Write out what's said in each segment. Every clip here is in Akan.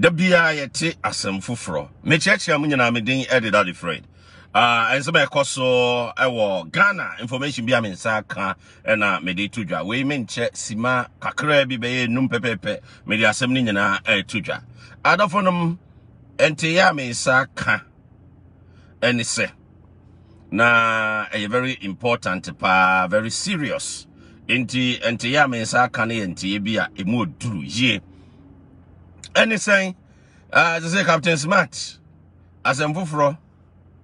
da bia yɛte asɛm foforɔ mekyerɛkyerɛ mu nyinaa meden ɛdeda de fred ah, ɛnsɛm a ɛkɔ so ɛwɔ ghana information bi a me nsa ka ɛna mede to dwa wei menkyɛ sima kakraa bi bɛyɛ num pɛpɛpɛ mede asɛm no nyinaa ɛto dwa adɔfo nom ɛnteyɛ a me ka ɛne sɛ na ɛyɛ very important paa very serious nti ɛnteyɛ a me nsa ka no yɛ nteɛ bi a ɛmu ɔduru yie ɛne sɛn sɛ sɛ captain smart asɛm foforɔ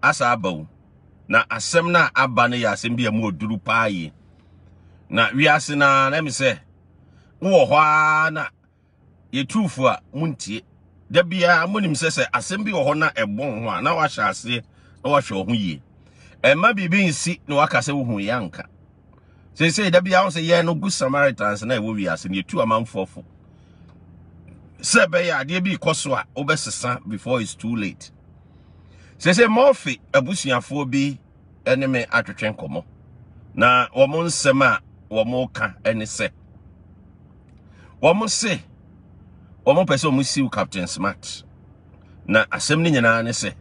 asa aba wo na asɛm na a aba no yɛ asɛm bi a mu ɔduru paa yie na wiase na me sɛ wowɔ hɔ na yɛtuufo a muntie da biara monim sɛ sɛ asɛm bi wɔ hɔ na ebon ho a na wahyɛ aseɛ na wahwɛ hwe ho yie ɛma biribi nsi na waka sɛ wohu yɛ anka seesei da biara wo sɛ yɛn no good samaritans na ɛwɔ wiase no yɛtu amanfoɔfo sɛ ɛbɛyɛ adeɛ bi kɔ so a wobɛsesa before it's too late sɛsɛ mɔɔfe abusuafoɔ bi ɛne me atwetwe nkɔmmɔ na wɔn nsɛm a wɔn ka ɛne sɛ wɔn se wɔn pɛ sɛ wɔn siw captain smart na asɛm no nyinaa ne sɛ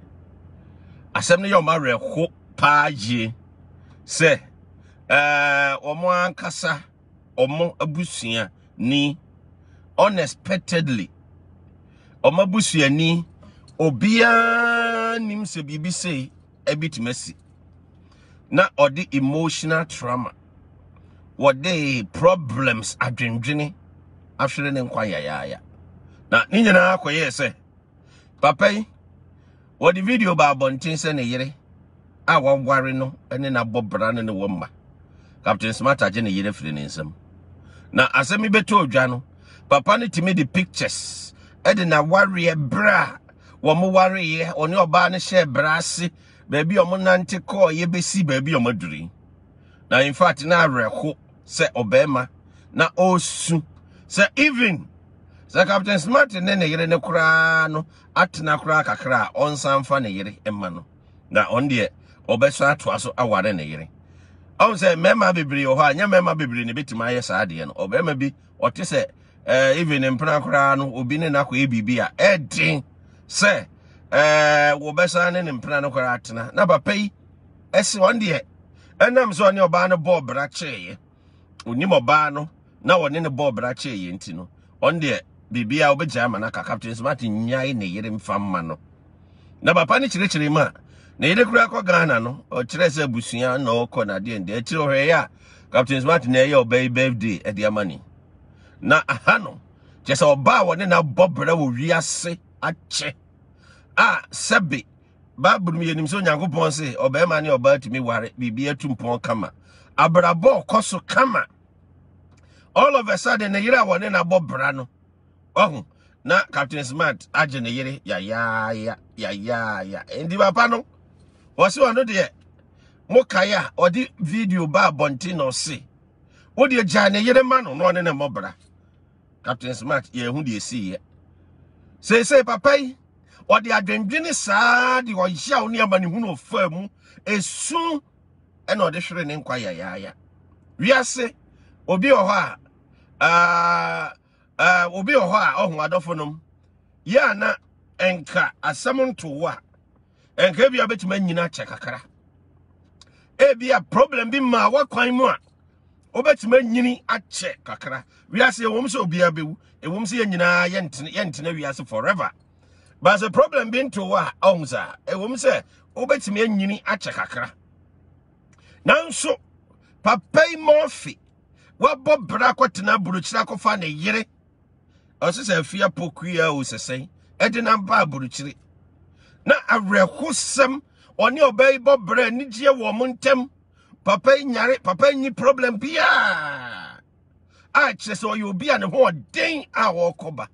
asɛm no yɛ wɔn awerɛho paa yie sɛ wɔn ankasa wɔn abusua ni unexpectedly ɔmabusuani obiara nim sɛ biribi sei ebitumi asi na odi emotional trauma wɔde problems adwendwene ahwere ne ya ya. na ne na akɔyɛɛ sɛ papa yi wɔde video ba abɔnten se ne yere awa waware no na n'abɔbra no ne wɔmma captain smart agye ne yere na asɛm yi bɛtɔ odwa no papa de pictures ɛde n'awareɛ berɛ a wɔn wareɛ ɔne ɔbaa no hyɛ berɛ ase baabi a wɔnante kɔɔ yɛ bɛsi baabi a wɔaduri na in fact na awerɛho sɛ ɔbarima na ɔresu sɛ even sɛ captain smart ne ne yere ne koraa no atena koraa kakra a ɔnsan fa ne yere ma no na ɔn deɛ ɔbɛso atoa so aware ne yere ɔn sɛ mmarima bebree wɔ hɔ a nyɛ mmarima bebree na ebɛtumi ayɛ saa adeɛ no ɔbarima bi ɔte sɛ ee eh, even mpena koraa no obi ne nakɔ yɛ biribi a ɛden eh, sɛ ɛɛ eh, wɔbɛsan ne ne mpena no tena na papa yi ɛsi wɔn deɛ ɛnam sɛ ɔne ɔbaa no bɔɔ bra kyɛɛyɛ onim ɔbaa no na ɔne ne bɔɔ bra kyɛɛyɛ nti no ɔn deɛ biribi a wɔbɛgya ama no aka captain smart nyae ne yere mfa mma no na papa no kyerɛkyerɛ mu a na yere koraa kɔ ghana no ɔkyerɛ sɛ abusua na ɔkɔ na adeɛ ndeɛ akyire ɔhwɛ yɛ a captain smart na ɛyɛ ɔbaa birthday ɛde ama ne na aha no kyerɛ sɛ ɔbaa wɔ ne nabɔ berɛ wɔ wiase akyɛ a sɛbe bible mu yɛnim sɛ onyankopɔn se ɔbarima ne ɔbaa tumi ware biribi atu kama abrabɔ ɔkɔ so kama all of a sudden ne yere a wɔne nabɔ bra no ɔho na captain smart agye ne yere yayaaya yayaaya nti papa no wɔse ɔno deɛ mokae a ɔde video baa bɔnten na ɔse wodeɛ gyaa ne yere ma no na ɔne ne mmɔbra captain smart see deɛ ɛsiiɛ seesei papa yi ɔde adwendwene saa de ɔyɛ wo ne amanehunu ɔfaa mu ɛsu ɛna ɔde hwere ne We are say, obi wɔ hɔ a obi wɔ hɔ a ɔho adɔfo nom yɛ ana ɛnka asɛm ntowo a bit bi a check, anyina kyɛ kakra a problem bi maa wakwan mu a obetime nyini ache kakra wiase ewom se obi abewu ewom se yenyina yentene yentene wiase forever but the problem being to wa onza ewom se obetime nyini ache kakra nanso papai mofi wabɔ bra kɔtena burukyiri akɔfa ne yere ɔsɛ se afia pokua o sɛsɛn ɛde na ba burukyiri na awerɛhosɛm oni ɔbɛyi bɔ bra anigyeɛ wɔ mo papa yi nyare papa nyi problem biara a kyerɛ sɛ ɔyɛ obi a ne ho ɔden a wɔrekɔ ba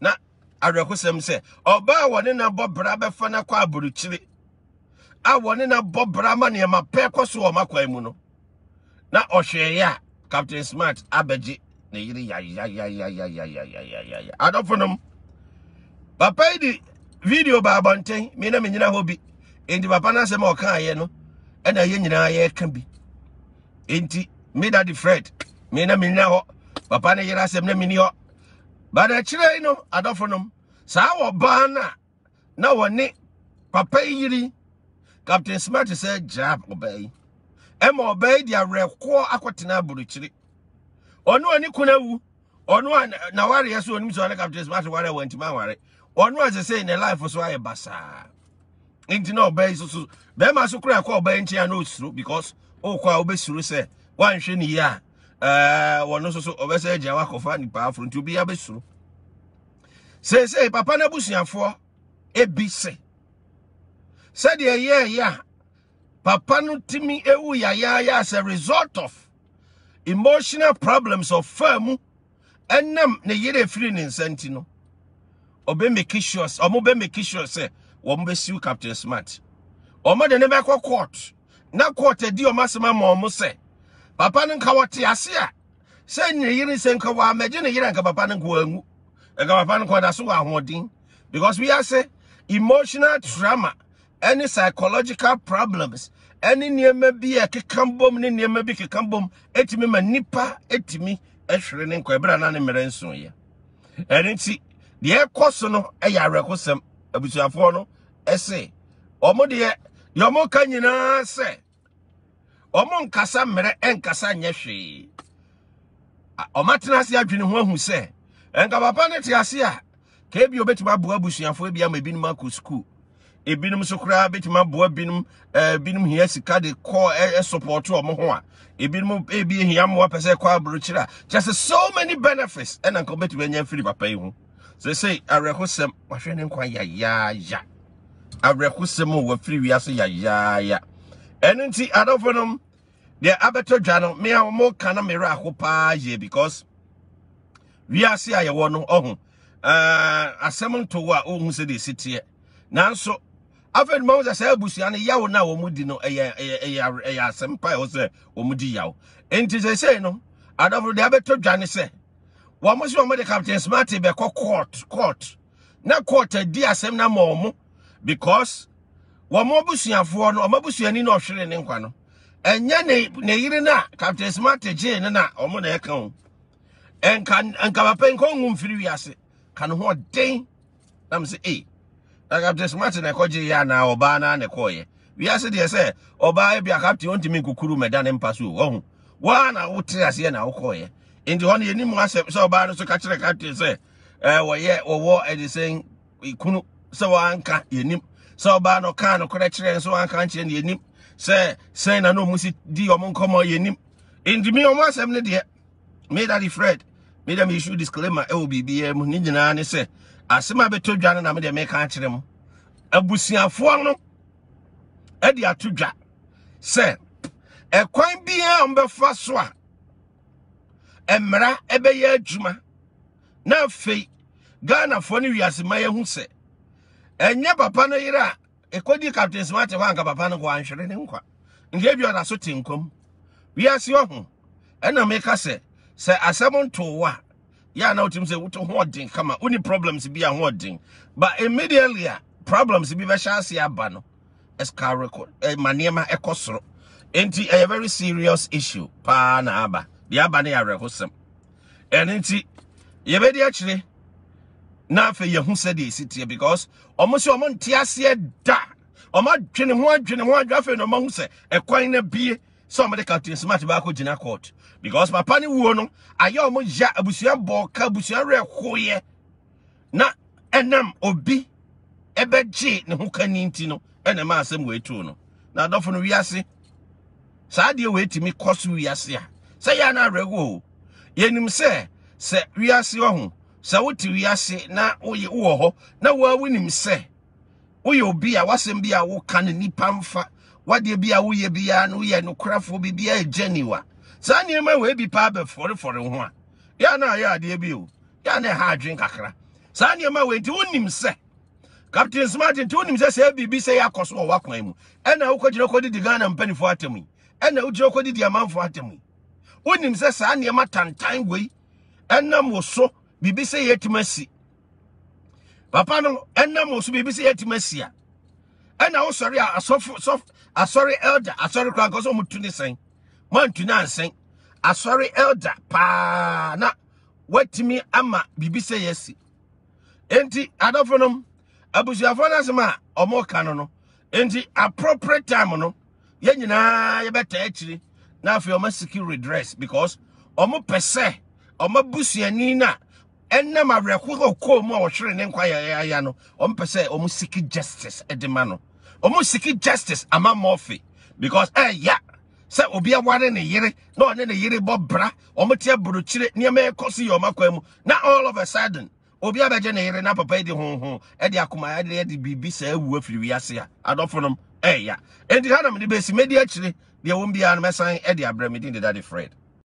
na awerɛkosɛm sɛ ɔbaa wɔne na bɔ bra bɛfa no akɔ aburukyire a wɔne na bɔ ya ma nneɛma pɛɛ kɔ makwan mu no na ɔhwɛeɛ ya captain smart abɛgye ne ya ya papa me na menyina hɔ bi enti papa no ɛna yɛn nyinaa yɛreka bi enti me dade fred me na menna hɔ papa ne yere asɛm na menni hɔ but akyirɛ yi no adɔfo nom saa wɔ baa no a na wɔne papa yi yiri captain smart sɛ gyaa ɔbaa yi ɛma ɔbaa yi de awerɛkoɔ akɔtena aburukyiri ɔno a ne kun awu ɔno a na wareɛ so onim sɛ ɔne captain smart ware a wantimi aware ɔno a sɛ sɛ ne life so ayɛ basaa nti na ɔbɛn soso bɛrima so kura ɛkɔ ɔbɛn nkyɛn na osuro because ɔkɔ a ɔbɛsuro sɛ wanhwɛ ne yie a ɛɛ wɔn soso ɔbɛsɛ agya wakɔfa nipa aforo be obi abɛsuro seesei papa n'abusuafoɔ ebi se sɛdeɛ yɛɛ yɛ a papa no timi ya ya as a result of emotional problems of firmu, ɛnam ne yere firi ne nsa nti no ɔbɛ make sure ɔmo bɛ make sure sɛ wɔn bɛsiw captain smart wɔn de ne bɛkɔ court na court adi wɔn asɛm ama wɔn sɛ papa no nka wɔte ase a sɛ ne yere sɛ nka wɔ amagye ne yere nka papa no nka wɔanwu nka papa no nka ɔda so wɔ ahoɔden because wiase emotional trauma ɛne psychological problems ɛne nneɛma bi a keka bom ne nneɛma bi keka bom etimi ma nipa etimi ɛhwere ne nkɔ ebere a na ne mmerɛ nson yɛ ɛne ti deɛ ɛkɔ so no ɛyɛ awerɛkosɛm abusuafoɔ no ɛse ɔmo deɛ deɛ ɔmo ka nyinaa sɛ ɔmo nkasa mmerɛ ɛnkasa nyɛ hwee ɔmo atena ase adwene ho ahu sɛ nka papa ne te ase a keebi obetumi aboa abusuafoɔ bi ama ebinom akɔ sukuu ebinom nso koraa betumi aboa binom ɛɛ binom hia sika de kɔ ɛsopɔɔto ɔmo ho a ebinom ebi hia mmoa pɛ sɛ kɔ aburokyire a kyɛ sɛ so many benefits ɛna nka obetumi anya firi papa yi ho sese awerɛhosɛm wahwɛ ne nkwa yayaaya awerɛhosɛm a wafiri wiase yayaaya ɛno nti adɔfo nom deɛ abɛtɔ dwa no mea moka no mmerɛ ako paa yie because wiase a yɛwɔ no ɔho uh, asɛm ntowo a ɔhu sɛ deɛ ɛsi teɛ nanso afei no mahu sɛ saa abusua no yawo no a wɔn di no ɛyɛ asɛm pa ɛwɔ sɛ wɔn di yawo nti sɛsei no adɔfo deɛ abɛtɔ dwa ne sɛ wɔn so wɔn de captain smart bɛkɔ court court na court di asem na ma wɔn because wɔn abusuafoɔ no wɔn abusuani na ɔhwere ne nkwa no ɛnyɛ ne ne yiri na captain smart gyee ne na wɔn na ɛka ho nka nka papa nka ɔngu mfiri wiase ka ne ho ɔden na mo sɛ ee na captain smart na ɛkɔ gyee yɛ anaa ɔbaa na na ɛkɔ yɛ wiase deɛ sɛ ɔbaa bi a captain ɔntumi nkukuru mɛda ne mpa so ɔho wɔn a na wɔte aseɛ na ɔkɔ yɛ nti hɔ no yɛnim asɛm sɛ ɔbaa no so ka kyerɛ ka te sɛ eh, wɔyɛ wɔwɔ ɛde sɛn ikunu sɛ wɔanka yɛnim sɛ ɔbaa no kaa nokorɛ kyerɛ nso wanka nkyerɛ no yɛnim sɛ sɛn na na ɔmu si di ɔmo nkɔmmɔ yɛnim nti me ɔmo asɛm no deɛ me dade fred me dɛ meyisu disclaimer ɛwɔ biribiaa mu ne nyinaa ne sɛ asɛm a bɛtɔ dwa no na medeɛ meka akyerɛ mu abusuafoɔ no ɛde ato dwa sɛ ɛkwan biara ɔmbɛfa so a mmara ɛbɛyɛ adwuma na afei ghanafoɔ no wiasema yɛ hu sɛ ɛnyɛ papa no yere a ɛkɔdi captain smart hɔ anka papa no wɔanhwere ne nkwa nka bi ɔda so te nkɔm wiase ɔho ɛna meka sɛ sɛ asɛm ntoo wo a yɛ a na wotumi sɛ woto ho ɔden kama woni problems bi a ho ɔden but immediately a problems bi bɛhyɛ ase aba no ɛska record ma nneɛma ɛkɔ soro nti ɛyɛ very serious issue paa na aba deɛ aba ne yɛ awerɛhosɛm ɛno nti yɛbɛdi akyire na afei yɛho sɛdeɛ ɛsi teɛ because ɔmo sɛ ɔmo nte aseɛ da ɔmo adwene ho adwene ho adwene afei na ɔmo ho sɛ ɛkwan na bie sɛ ɔmo de captain smart baako gyina court because papa ne wuo no ayɛ ɔmo ya abusua bɔɔka abusua rɛ hoyɛ na ɛnam obi ɛbɛgye ne ho kani nti no ɛna ɛma asɛm wɔ etu no na adɔfo no wiase saa adeɛ wɔ etimi kɔ so wiase a sɛ yɛ anawerɛhoɔ o yɛnim sɛ sɛ wiase ɔho sɛ wote wiase na woyɛ wowɔ hɔ na woa wonim sɛ woyɛ obi a wasɛm bi a woka no nipa mfa wadeɛ bi a woyɛ biara na woyɛ nokorafoɔ biribiaa ɛgya niwa saa nneɛma wei bi paa bɛfɔrefɔre ho a ya na ayɛ adeɛ bi o ya na ɛha adwen kakra saa nneɛma wei nti wonim sɛ captain smart nti wonim sɛ sɛ biribi sɛ ya so wɔ w'akwan mu ɛna wokɔgyina kɔdidi ghana mpanifoɔ atam yi ɛna wogyina kɔdidi amanfoɔ atam yi wonim sɛ saa nneɛma tantan wei ɛnam wo so biribi sɛ yɛatumi asi papa no ɛnam wo so biribi sɛ yɛatumi asi a ɛna wosɔre a asɔre elder asɔre koraa nkɔ sɛ ɔmotu ne sɛn moantu ne ansɛn asɔre elder paa na watumi ama biribi sɛ yɛasi enti adɔfo nom abusuafoɔ no asɛm a ɔmɔka no no enti appropriate time no yɛn nyinaa yɛbɛtaa akyiri na afei ɔma siki redress because ɔmo pɛ sɛ ɔma busuani na ɛnam awerɛhoɔ kɔɔ mu a wɔhwere ne nkwa yɛyɛya no ɔmo pɛ sɛ ɔmo siki justice de ma no ɔmo siki justice ama mɔfi because ɛya sɛ obi aware ne yere na ɔne ne yere bɔ bra ɔmo te aburokyire nneɛma ɛkɔ so yɛ ɔmo akwan mu na all of a sudden obi abɛgye ne yere na papa yi de honhom ɛde eh, akoma ɛde eh, eh, ɛde biribi saa awu afiri wiase a adɔfonom ɛya nti ha na mo de besi medi akyire there won't be an messiah Eddie Abraham, he didn't daddy Fred.